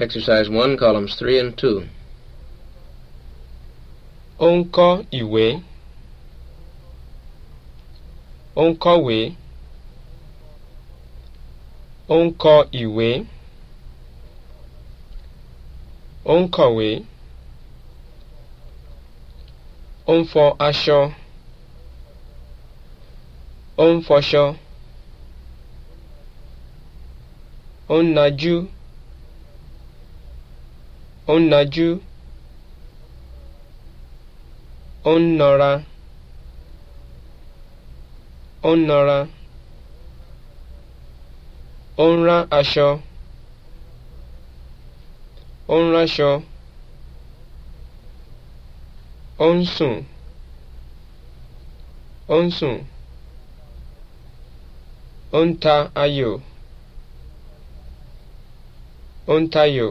Exercise 1, columns 3 and 2. Ó ń kọ́ ìwé. Ó ń kọ́wé. Ó ń kọ ìwé. Ó ń kọ̀wé. Ó ń ó ń najú ó ń nọra ó ń nọra ó ń rán aṣọ ó ń ránṣọ ó ń sùn ó ń sùn ó ń ta ayò ó ń tayò.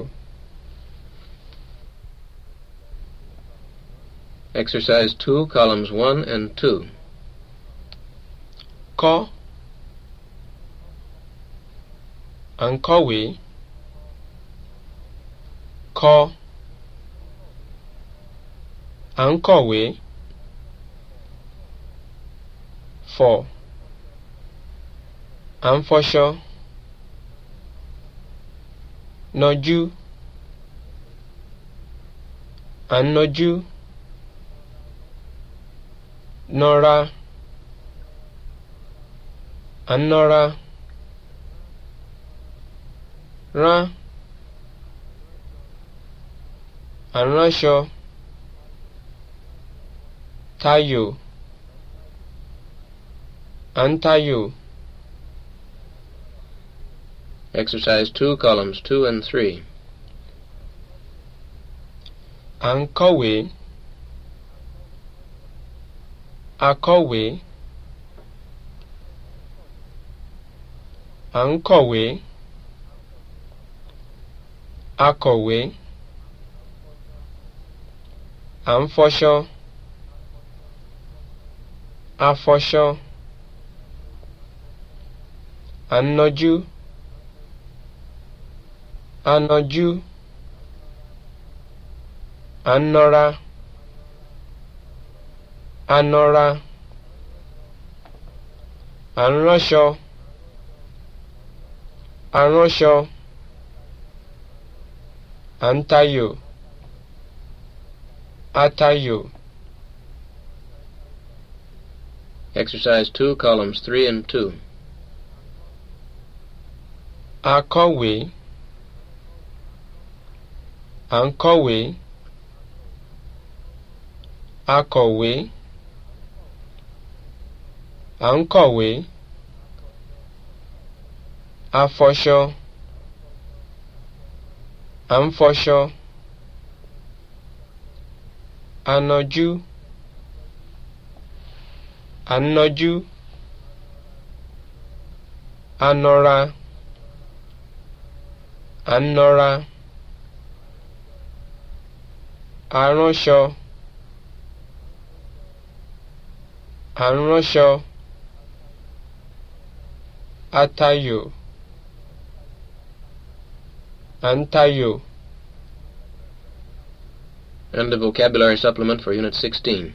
Exercise 2, columns 1 and 2. Kọ́ à ń kọ̀wé kọ́ à For fọ̀ à ń fọṣọ nọjú à not you nọra anọra rán aránṣọ tayò antayò. Exercise 2, columns 2 and 3. À akọ̀wé à ń kọ̀wé akọ̀wé à ń fọṣọ afọṣọ à ń nọjú a nọjú à ń nọra. anọra àránṣọ aránṣọ àǹtayò atayò. Exercise 2, columns 3 and 2. Akọ̀wé Àǹkọ̀wé Akọ̀wé. à ń kọ̀wé a fọṣọ à ń fọṣọ a nọjú à ń nọjú a nọra à ń nọra a ránṣọ à ránṣọ. Atayo, antayo, and the vocabulary supplement for unit 16